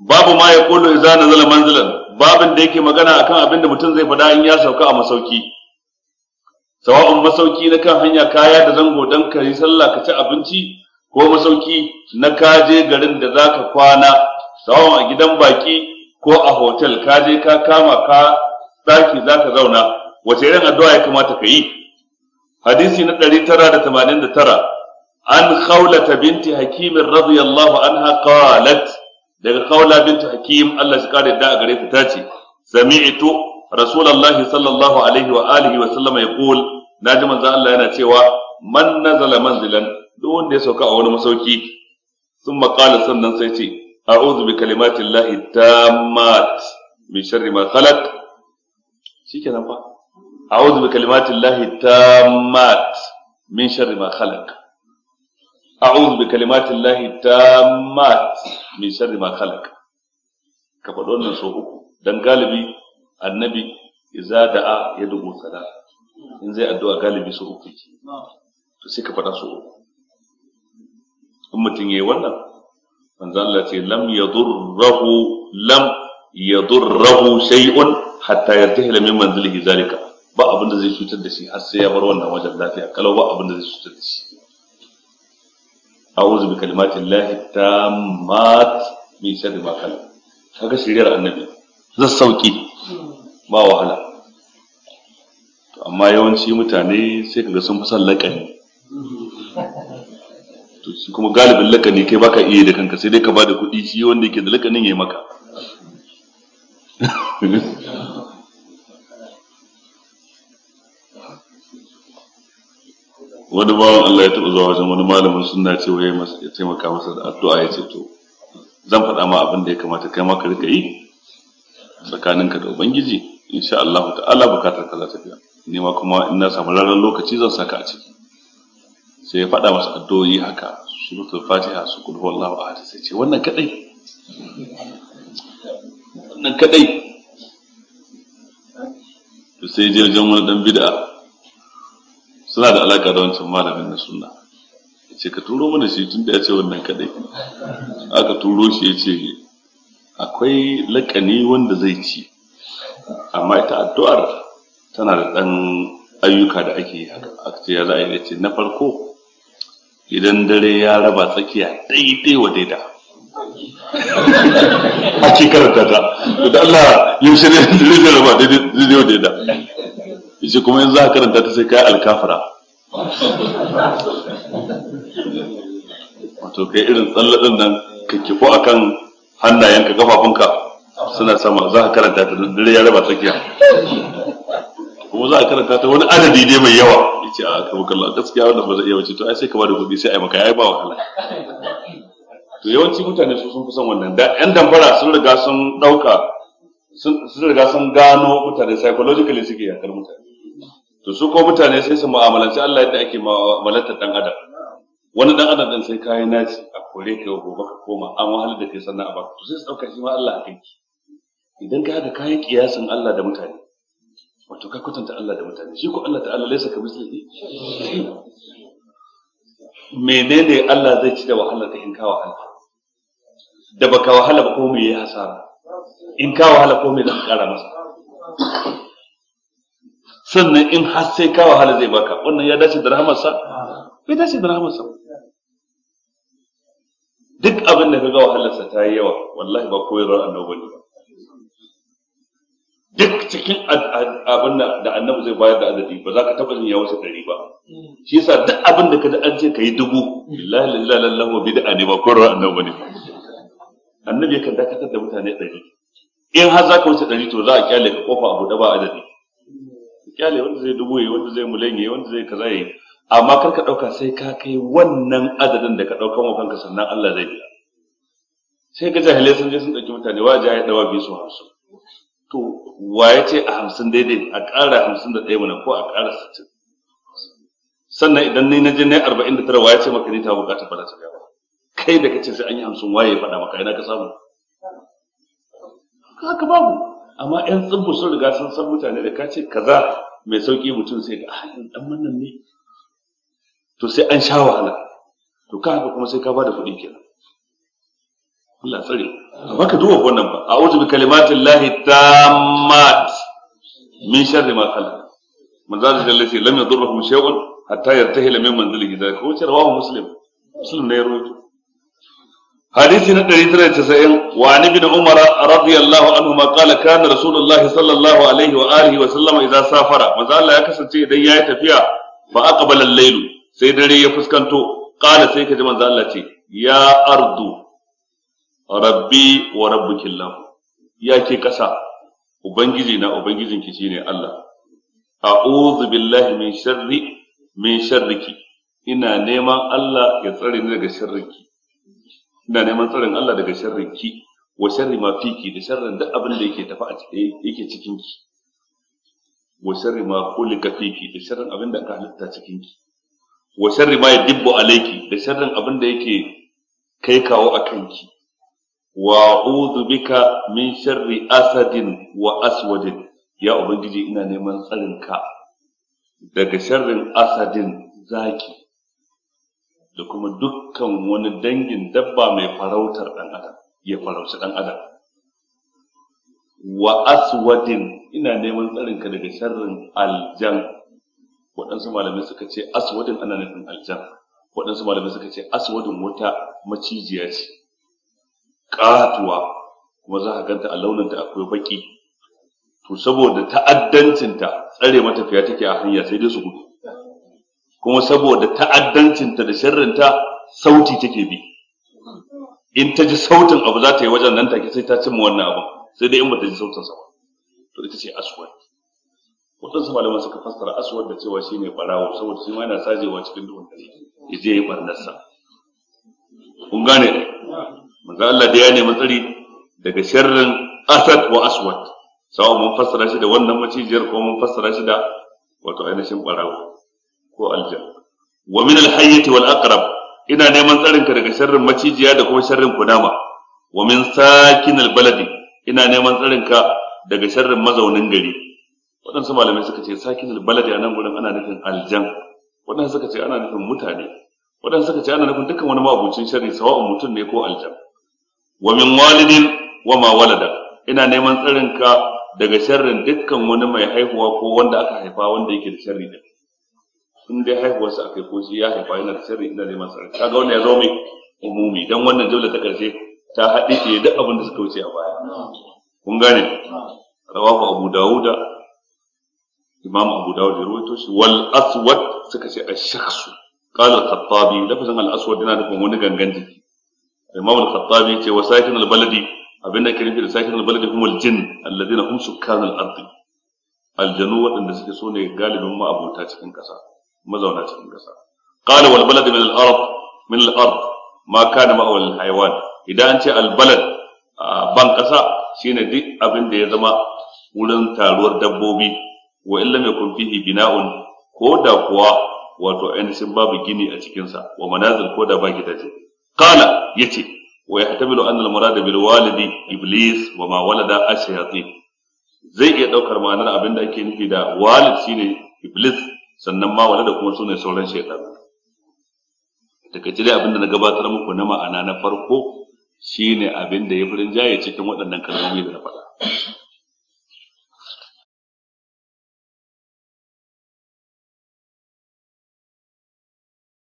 babu ma ya kolo idza zala manzilan babin da yake magana akan abin da mutum zai faɗa in ya sauka a masauki sawa'un masauki na kan hanya kaya da zango don ka yi sallah ka ci abinci ko masauki na kaje garin da za ka kwana sawa'un a gidan baki ko a hotel kaje ka kama ka daki ka zauna wace irin addu'a ya kamata ka yi hadisi na ɗari tara da da tamanin tara, an khawlata binti hakimin radiyallahu anha qalat daga Khawla Bintu Hakim Allah shi kare da a gare ta tace sami'tu Rasulullah sallallahu alaihi wa alihi wa sallama yaqul naji manzo Allah yana cewa man nazala manzilan duk wanda ya sauka a wani masauki sun qala sannan sai ce a'udhu bi kalimati llahi tammat min sharri ma khalaq shikenan fa a'udhu bi kalimati llahi tammat min sharri ma khalaq a'udhu bi kalimatillahi tammat min sharri ma khalaq ka faɗi wannan so uku dan galibi annabi idza da'a ya dubu sala in zai addu'a galibi so uku to sai ka so uku in mutum yayi wannan manzo Allah ce lam hatta yartahila min manzilihi zalika ba abin da zai cutar da shi har sai ya bar wannan wajen lafiya kalau ba abin da zai cutar da shi a'udhu bi kalimatillahi tammat min sharri ma khalaq kaga shiriyar annabi Zan sauki ba wahala to amma yawanci mutane sai kaga sun fi lakani to kuma galibin lakani kai baka iya da kanka sai dai ka bada kuɗi shi wanda yake da lakanin yayi maka wani bawan Allah ya taɓa zuwa wajen wani malamin suna ce waye masa ya taimaka masa da addu'a ya ce to zan faɗa ma abin da ya kamata kai ma ka rika yi tsakaninka da ubangiji insha Allah ta'ala bukatar ka za ta biya ni ma kuma in na samu ranar lokaci zan saka a ciki sai ya faɗa masa addu'o'i haka suratul fatiha su kulhu wallahu ahad sai ce wannan kadai wannan kadai sai je wajen wani dan bid'a suna da alaka da wancan malamin na suna. ya ce ka turo mana shi tun da ya ce wannan kadai aka turo shi ya ce akwai lakani wanda zai ci amma ita addu'ar tana da ɗan ayyuka da ake yi haka ce ya za a ce na farko idan dare ya raba tsakiya daidai wa daida ake karanta ta da Allah yaushe ne da ya raba daidai wa daida yace kuma yanzu za ka karanta ta sai kai alkafara wato kai irin tsalladin nan ka kifo akan hannayenka kafafunka suna sama za ka karanta ta dare ya raba tsakiya kuma za a karanta ta wani adadi ne mai yawa yace a ah, karbu kallon gaskiya wannan ba zai iya wuce to ai sai ka bada kuɗi sai ai maka yayi ba wahala to yawanci mutane su sun fi son wannan da yan damfara sun riga sun ɗauka sun riga sun gano mutane psychologically suke yakar mutane to su ko mutane sai su mu'amalanci Allah yadda ake mu'amalantar dan adam wani dan adam din sai kai naci a kore ka gobe ka koma an wahalar da kai sannan a baka to sai su dauka shi ma Allah a kanki idan ka haka kai kiyasin Allah da mutane wato ka kwatanta Allah da mutane shi ko Allah ta'ala laisa ka misali menene Allah zai ci da wahalar ka in ka wahala da baka wahala ba ko me yasa hasara in ka wahala ko me zaka kara masa sannan in har sai ka wahala zai baka wannan ya dace da rahamarsa bai dace da rahamarsa duk abin da kaga wahalarsa ta yi yawa wallahi ba koyarwar annabi bane ba duk cikin abin da annabi zai bayar da adadi ba za ka taɓa jin ya wuce ɗari ba shi yasa duk abin da kaji an ce ka yi dubu billahi lillahi lallahu bid'a ne ba koyarwar annabi bane annabi yakan dakatar da mutane ɗari in har za ka wuce ɗari to za a kyale ka kofa abu da ba adadi kyale wanda zai dubu yi, wanda zai mulanye wanda zai kaza yi. amma kar ka dauka sai ka kai wannan adadin da ka daukan wa kanka sannan Allah zai biya sai ka jahilai sun je sun dauki mutane wa ya dawa biyu su hamsin to wa ya ce a hamsin daidai a ƙara hamsin da ɗaya mana ko a ƙara sittin sannan idan ni na je na arba'in da tara wa ya ce maka ni ta bukata ba za ta gaba kai da kace sai an yi hamsin waye faɗa maka ina ka samu haka babu amma yan tsibbu sun riga sun san mutane da ka ce kaza mai sauki mutum sai ga halin ah, dan wannan ne to sai an sha wahala to ka haka kuma sai ka bada kuɗi kenan Allah tsare amma ka duba wannan ba a'udhu bi kalimatin lahi tammat min sharri ma kala manzo da jallati lam yadurruhum shay'un hatta yartahila min manzilihi da ko ce rawahu muslim muslim ne ya rawaito حديث نتري تسعين وعن ابن عمر رضي الله عنهما قال كان رسول الله صلى الله عليه وآله وسلم إذا سافر ماذا الله يكسر تي دي تفيا فأقبل الليل سيد ري يفسكنتو قال سيك جمع الله تي يا أرض ربي وربك الله يا كي كسا وبنجزينا وبنجزين كشيني الله أعوذ بالله من شر من شرك ina neman Allah ya tsare ni daga sharrinki ina neman tsarin Allah daga sharrin ki wa sharri ma fiki da sharrin da abin da yake tafi a yake cikin ki wa sharri ma ka fiki da sharrin abin da ka halitta cikin ki wa sharri ma yadibbu alayki da sharrin abin da yake kai kawo a kanki wa a'udhu bika min sharri asadin wa aswadin ya ubangiji ina neman tsarin ka daga sharrin asadin zaki da kuma dukkan wani dangin dabba mai farautar ɗan adam ya farauci ɗan adam wa aswadin ina neman tsarinka daga sharrin aljan waɗansu malamai suka ce aswadin ana nufin aljan waɗansu malamai suka ce aswadin wata macijiya ce ƙatuwa kuma za ka ganta a launinta akwai baƙi to saboda ta'addancinta tsare matafiya take a hanya sai dai su gudu kuma saboda ta'addancinta da sharrinta sauti take bi in ta ji sautin abu za ta yi wajen nan take sai ta cimma wannan abin sai dai in ba ta ji sautin sa ba to ita ce aswad waɗansu malaman suka fassara aswad da cewa shine barawo saboda shi ma yana sajewa cikin duhun dare ya je yi sa kun gane ne manzo Allah da ya ne matsari daga sharrin asad wa aswad sawa mun fassara shi da wannan macijiyar ko mun fassara shi da wato ainihin barawo ko aljan wa min alhayyati wal aqrab ina neman tsarin ka daga sharrin macijiya da kuma sharrin kunama wa min sakin albaladi ina neman tsarin ka daga sharrin mazaunin gari waɗansu malamai suka ce sakin albaladi a nan gurin ana nufin aljan waɗansu suka ce ana nufin mutane waɗansu suka ce ana nufin dukkan wani mabucin sharri sawa'un mutum ne ko aljan wa min walidin wa ma walada ina neman tsarin ka daga sharrin dukkan wani mai haihuwa ko wanda aka haifa wanda yake da sharri din in dai haihuwar su akai ko shi ya haifa yana da sirri ina neman sarki kaga wannan ya zo mai umumi dan wannan jumla ta karshe ta haɗe ce duk abin da suka wuce a baya kun gane rawahu abu dawuda imam abu dawud ya rawaito shi wal aswad suka ce ash-shakhsu qala al-khattabi lafazin al-aswad yana nufin wani gangan jiki imam al-khattabi ce wa sakin al-baladi abinda ke nufi da sakin al-baladi kuma al-jinn alladhina hum sukkan al-ard aljanu waɗanda suke so ne galibin ma abota cikin ƙasa mazauna cikin ƙasa qala wal balad min al ard min al ard ma kana ma'awal hayawan idan an ce al balad ban ƙasa shine duk abin da ya zama wurin taruwar dabbobi wa illa mai kun fihi bina'un ko da kuwa wato ainihin babu gini a cikinsa wa manazil ko da ba gidaje qala yace wa yahtamilu anna al murada bil walidi iblis wa ma walada ash zai iya ɗaukar ma'anar abin da ake nufi da walid shine iblis sannan ma wani da kuma sune sauran shekaru Daga dai abinda na gabatar muku na ma'ana na farko shine abinda ya fi rinjaye cikin waɗannan kalmomi da na faɗa